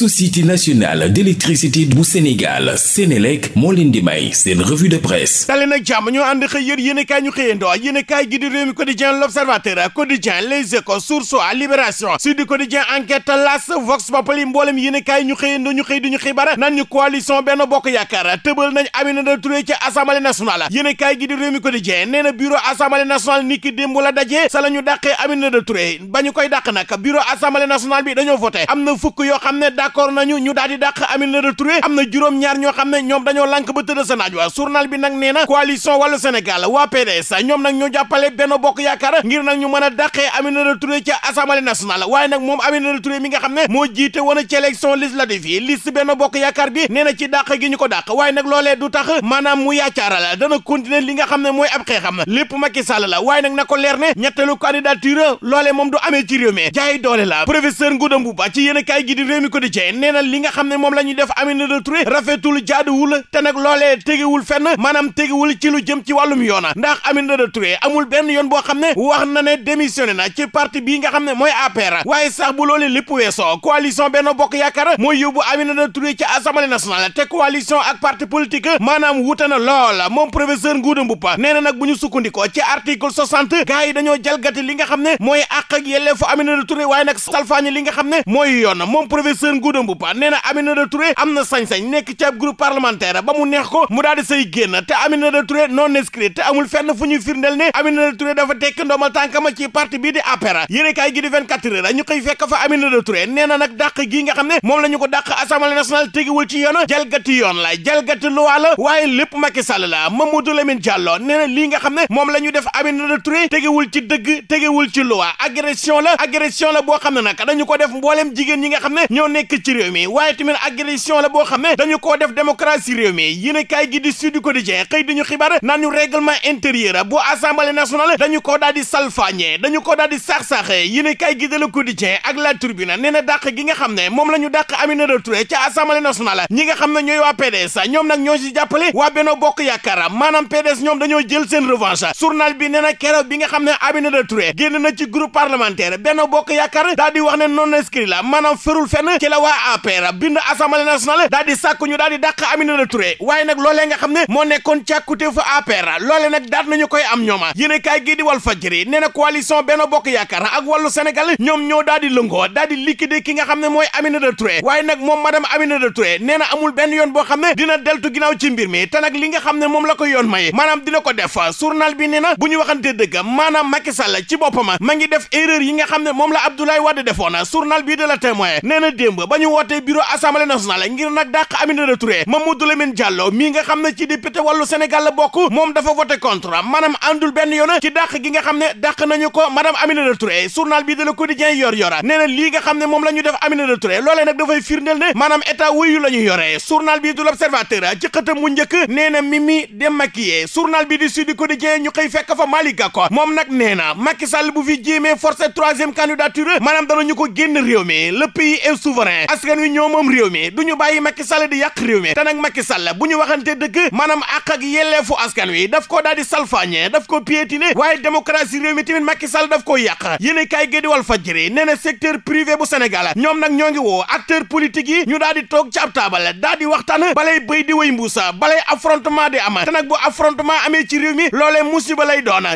société nationale d'électricité bu Sénégal Sénélec moo leen di may seen revue de presse tali nag jàmm ñoo ànd xëy yër yéen kaay ñu xëyandoo yéen kaay gi di Rewmi Quotidien L'Observateur Quotidien Les Échos Source A Libération Sud Quotidien Enquête L'As Vox Populi mboolem yéen kaay ñu ñu xëy duñu ñu coalition Benno Bokk Yaakaar tëbal nañ Aminata Touré ci Assemblée nationale yéen kaay gi di na bureau Assemblée nationale ni ki démb la dajee sa la ñu dàqee Aminata Touré ba ñu koy dàq d'accord nañu ñu daal di dàq Aminata Touré am na juróom ñaar ñoo xam ne ñoom dañoo lànk ba tëdd sa naaj wa journal bi nag nee na coalition wàllu Sénégal waa PDS ñoom nag ñoo jàppale Benno Bokk Yaakaar ngir nag ñu mën a dàqee Aminata Touré ci Assemblée nationale waaye nag moom Aminata Touré mi nga xam ne moo jiite woon ci élection législative yi liste Benno Bokk Yaakaar bi nee na ci dàq gi ñu ko dàq waaye nag loole du tax maanaam mu yaacaaral dana continuer li nga xam ne mooy ab xeexam lépp Macky Sall la waaye nag na ko leer ne ñetteelu candidature loolee moom du amee ci réew mi jaay doole gi di réew Quotidien nee na li nga xam ne moom la ñuy def Aminata Touré rafetul jaaduwul te nag loolee tegewul fenn maanaam tegewul ci lu jëm ci wàllum yoona ndax Aminata Touré amul benn yoon boo xam ne wax na ne démissionné na ci parti bii nga xam ne mooy APR waaye sax bu loolee lépp weesoo coalition Benno Bokk Yaakaar mooy yóbbu Aminata Touré ci Assemblée nationale te coalition ak parti politique maanaam wuute na loola moom professeur Ngouda Mboup nee na nag bu ci li nga xam ne mooy àq li nga xam ne mooy Ngouda nee na Aminata Touré am na sañ-sañ nekk ci ab groupe ba mu neex ko mu daal di génn te Aminata Touré non inscrite te amul fenn fu ñuy firndeel ne Aminata Touré dafa tekk ndomal tànkama ci parti bii di APR yéenekaay gi di 24 ñu koy fekk fa Aminata Touré nee na nag dàq nga xam ne moom la ñu ko dàq assemblée nationale tegiwul ci yoon jalgati yoon la jalgati loi la waaye lépp Macky Sall la Mamadou Lamine Diallo nee na lii nekk ci réew mi waaye tamit la boo xam ne dañu koo def démocratie réew mi yéen kaay gi di Sud Quotidien xëy dañu xibaar naan ñu règlement intérieur bu assemblée nationale dañu koo daal di salfaañe dañu koo daal di saax-saaxe yéen kaay gi de Le Quotidien ak La Tribune nee na dàq gi nga xam ne moom la ñu dàq Aminata Touré ci assemblée nationale ñi nga xam ne ñooy waa ñoom nag ñoo ci waa Benno Bokk Yaakaar maanaam PDS ñoom dañoo jël seen revanche journal bi waa APR bind assemblée nationale daal di sàkk ñu daal di dàq Aminata Touré waaye nag loolee nga xam ne moo nekkoon càkkute fu APR loole nag daat nañu koy am ñooma yéen a kaay gii di Walf Fadjri nee na coalition Benno Bokk Yaakaar ak wàllu Sénégal ñoom ñoo daal di lëngoo daal di ki nga xam ne mooy Aminata Touré waaye nag moom madame Aminata Touré nee na amul benn yoon boo xam ne dina deltu ginnaaw ci mbir mi te li nga xam ne moom la ko yoon maye maanaam dina ko def journal bi nee na bu ñu waxante maanaam Macky Sall ci boppam ma ngi def erreur yi nga xam ne moom la Abdoulaye Wade defoon journal bi de la témoin nee na démb ba ñu wootee bureau assemblée nationale ngir nag dàq Aminata Touré Mamadou Lamine Diallo mii nga xam ne ci député wàllu Sénégal la bokk moom dafa voté contre maanaam àndul benn yoon ci dàq gi nga xam ne dàq nañu ko madame Aminata Touré journal bi de Le Quotidien yor yora nee na lii nga xam ne moom la ñu def Aminata Touré loolee nag dafay firndeel ne maanaam état wuyu la ñu yore journal bi du L'Observateur ci xëtam mu njëkk nee na Mimi démaquillée journal bi du Sud Quotidien ñu xëy fekk fa Malick Gakou moom nag nee na Macky Sall bu fi jéemee forcé troisième candidature maanaam danañu ko génn réew mi le pays askan wi ñoo moom réew mi du ñu bàyyi Macky Sall di yàq réew mi te nag Macky Sall waxante dëgg maanaam àq ak yelleefu askan wi daf koo daal di salfaañe daf ko piétiner waaye démocratie réew mi tamit Macky daf koo yàq yéen kay gi di Walf Fadjri nee privé bu Sénégal ñoom nag ñoo ngi woo acteur politique yi ñu daal toog ci taabal daal di balay bëy di wéy mbuusa balay affrontement di am te nag bu affrontement amee ci réew mi loolee musiba lay doon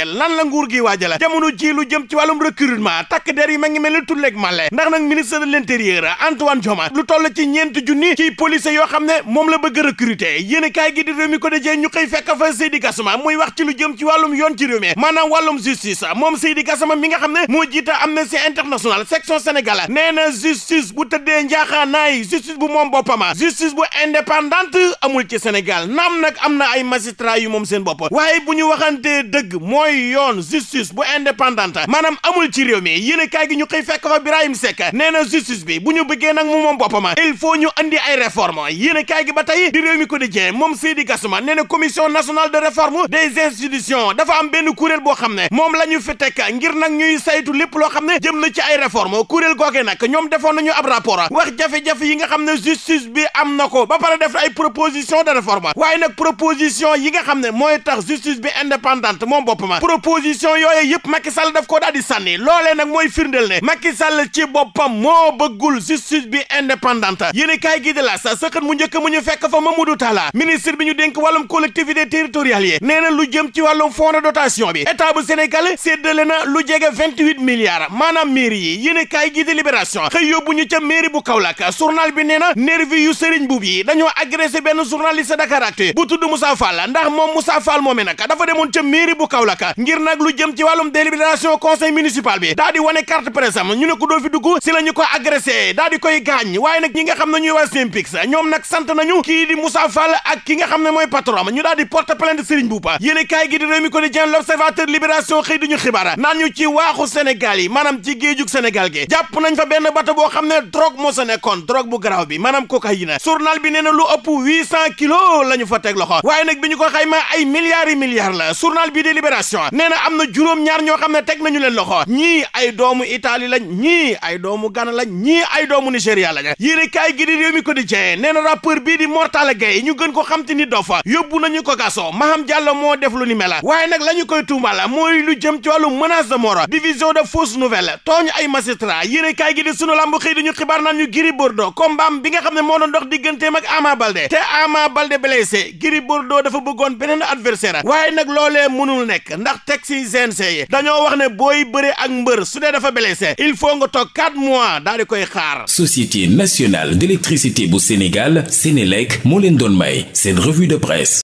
la la nguur gi waajal jamono jëm ci wàllum recrutement takk der yi ma ngi mel ni tulleeg male ndax nag ministre de l'intérieur Antoine Diome lu toll ci ñeenti junni ci policiers yoo xam ne moom la bëgg recruter yéen kaay gi di réew mi ko dajee ñu xëy fekk fa Seydi Gassama muy wax ci lu jëm ci wàllum yoon ci réew mi maanaam wàllum justice moom Seydi Gassama mi nga xam ne moo jiite Amnesty International section sénégala nee na justice bu tëddee njaaxaanaay justice bu moom boppama justice bu indépendante amul ci Sénégal naam nag am na ay magistrat yu moom seen bopp waaye bu ñu waxantee dëgg mooy yoon justice bu indépendante maanaam amul ci réew mi yéen a gi ñu xëy fekk fa Birahim Seck nee na justice bi bu ñu bëggee nag mu moom boppam il faut ñu andi ay réforme yéen a kaay gi tey di réew mi ko di jee moom Seydi Gassama nee na commission nationale de réforme des institutions dafa am benn kuréel boo xam ne moom la ñu fi teg ngir nag ñuy saytu lépp loo xam ne jëm na ci ay réforme kuréel googee nag ñoom defoon nañu ab rapport wax jafe-jafe yi nga xam ne justice bi am na ko ba pare def ay proposition de réforme waaye nag proposition yi nga xam ne mooy tax justice bi indépendante moom boppam proposition yooyu yëpp Macky Sall daf ko daal di sànni loolee nag mooy firndeel ne Macky Sall ci boppam moo bëggul justice bi indépendante yéen kaay gi de la sa sëqët mu njëkk mu ñu fekk fa Mamadou Talla ministre bi ñu dénk wàllum collectivité territoriale yi nee na lu jëm ci wàllum fonds de dotation bi état bu Sénégal séddale na lu jege vingt-huit milliards maanaam mairie yi yéen kaay gi de libération xëy yóbbu ñu ca mairie bu Kaolack journal bi nee na nervi yu Serigne Boub yi dañoo agressé benn journaliste Dakaractu bu tudd Moussa Fall ndax moom Moussa Fall moomee nag dafa demoon ca mairie bu Kaolack ngir nag lu jëm ci wàllum délibération décision conseil municipal bi daa di wane carte presse am ñu ne ko doo fi dugg si la ñu ko agressé daa koy gaañ waaye nag ñi nga xam ne ñuy waa ñoom nag sant nañu kii di Moussa Fall ak ki nga xam ne mooy patron ñu daal di porte plainte Serigne Bouba yéene kaay gi di Rewmi Quotidien L'Observateur Libération xëy duñu naan ñu ci waaxu Sénégal yi maanaam ci géejug Sénégal gi jàpp nañ fa benn bato boo xam ne drogue moo sa nekkoon drogue bu garaaw bi maanaam cocaïne journal bi nee na lu ëpp huit cent kilos la ñu fa loxo waaye nag bi ko xayma ay milliards yi milliards la bi di Libération nee na am na juróom ñaar ñoo xam ne teg teg nañu leen loxo ñii ay doomu Italie lañ ñii ay doomu Ghana lañ ñii ay doomu Nigéria lañ yéen kaay gi réew mi quotidien nee na rappeur bii di Mortala Gaye ñu gën ko xam te ni dofa yóbbu nañu ko kaso Maham Diallo moo def lu ni mel waaye nag la ñu koy tuumal mooy lu jëm ci wàllu menace de mort division de fausse nouvelle tooñ ay magistrat yéen kaay gi di sunu lamb xëy di ñu xibaar naan ñu Gris Bordeaux kombaam bi nga xam ne moo doon dox digganteem ak Ama Balde te Ama Balde blessé Gris Bordeaux dafa bëggoon beneen adversaire waaye nag loolee nekk ndax teg si booy bëre ak mbër su dee dafa blessé il faut nga toog 4 mois daal di koy xaar. Société nationale d'électricité bu Sénégal Sénélec moo leen doon may seen revue de presse.